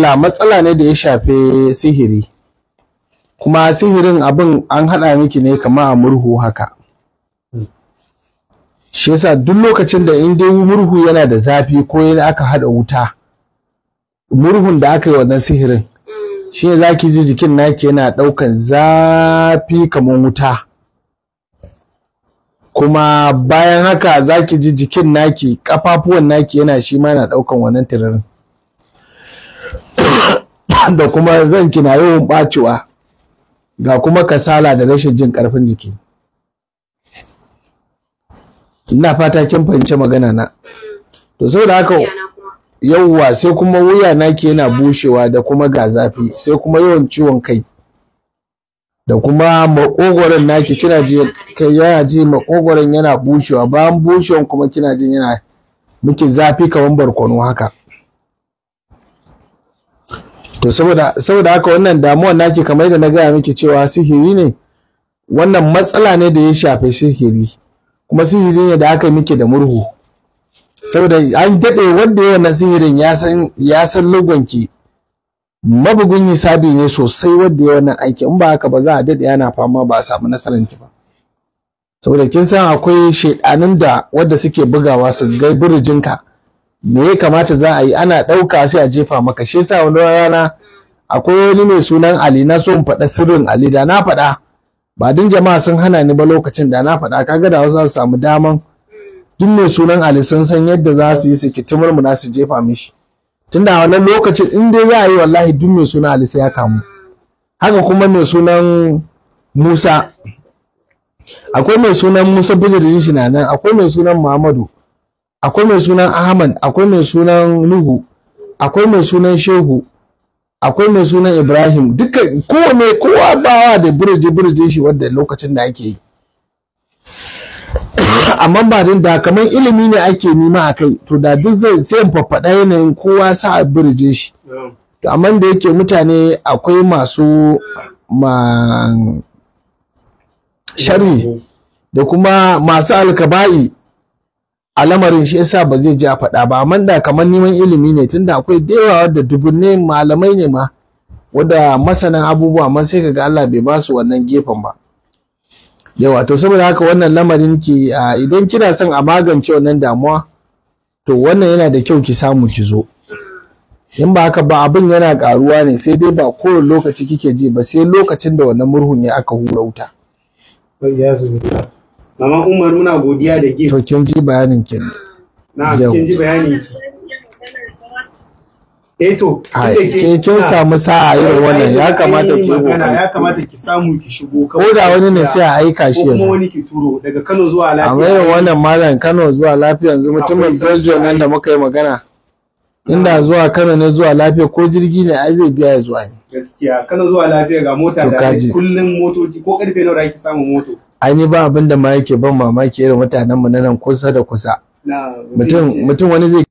la matsala ne da ya shafe sihiri kuma sihirin abin an haɗa miki ne kama a murhu haka hmm. shi yasa duk lokacin da in dai murhu yana da zafi ko yana aka haɗa wuta murhun da aka yi wannan sihirin shi ne za ki ji jikin naki yana ɗaukan zafi kamar wuta kuma bayan haka za ki ji jikin naki ƙafafuwan naki yana shi ma yana ɗaukan wannan tirarin da kuma ranki na yawan bacewa ga kuma kasala da rashin jin karfin jiki ina fata kin fahimci magana na to saboda haka yauwa sai kuma wuya na ke yana bushewa da kuma ga zafi sai kuma yawan ciwon kai da kuma makogoron naki kina ji kai yana ji makogoron yana bushewa bayan bushewan kuma kina jin yana miki zafi kamar barkono haka to saboda saboda haka wannan damuwar naki kamar da na gaya miki cewa sihiri ne wannan matsala ne da ya shafe sihiri kuma sihiri ne da aka miki da murhu saboda an daɗe wanda ya wannan sihirin ya san ya san lugonki mabugun hisabi ne sosai wanda ya wannan aiki in ba haka ba za a daɗe ana fama ba a samu nasarar ki ba saboda kin san akwai shaidanin da wanda suke bugawa su ga burjinka me ya kamata za a yi ana ɗauka sai a jefa maka shi yasa wani rana akwai wani mai sunan Ali na so in faɗa sirrin Ali da na faɗa ba din jama'a sun hana ni ba lokacin da na faɗa kaga da wasu samu daman duk mai sunan Ali sun san yadda za su yi su kitimar mu na su jefa mishi tunda a wannan lokacin in dai za a yi wallahi duk mai sunan Ali sai ya kamu haka kuma mai sunan Musa akwai mai sunan Musa bijirin shi na nan akwai mai sunan Muhammadu akwai mai sunan ahmad akwai mai sunan nuhu akwai mai sunan shehu akwai mai sunan ibrahim duka mai kowa bawa da birji birjin shi wadda lokacin da ake yi amma ba din da kamar ilimi ne ake nima a kai to da duk zai sai faffaɗa yanayin kowa sa birjin shi to amma da yake mutane akwai masu ma shari da kuma masu alkaba'i a lamarin shi yasa ba zai ji a faɗa ba amma da kamar neman ilimi ne tunda akwai da da dubunne malamai ne ma wanda masanan abubuwa amma sai kaga Allah bai ba su wannan gefen ba yawa to saboda haka wannan lamarin ki idan kina son a magance wannan damuwa to wannan yana da kyau ki samu ki zo in ba haka ba abin yana karuwa ne sai dai ba kowane lokaci kike ji ba sai lokacin da wannan murhun ya aka hura wuta Mama Umar muna godiya da gift. To kin ji bayanin kin. Na kin ji bayanin. Eh to, ke kin samu sa'a irin wannan ya kamata ki magana ya kamata ki samu ki shigo kawai. Ko da wani ne sai a aika shi yanzu. Ko wani ki turo daga Kano zuwa lafiya. Amma irin wannan malam Kano zuwa lafiya yanzu mutumin Belgium nan da muka yi magana. Inda zuwa Kano ne zuwa lafiya ko jirgi ne ai zai biya ya zuwa. Gaskiya Kano zuwa lafiya ga mota da kullun motoci ko karfe nawa ki samu moto. an yi ba abin da ma yake ban mamaki irin mutanenmu na nan kusa da kusa mutum wani zai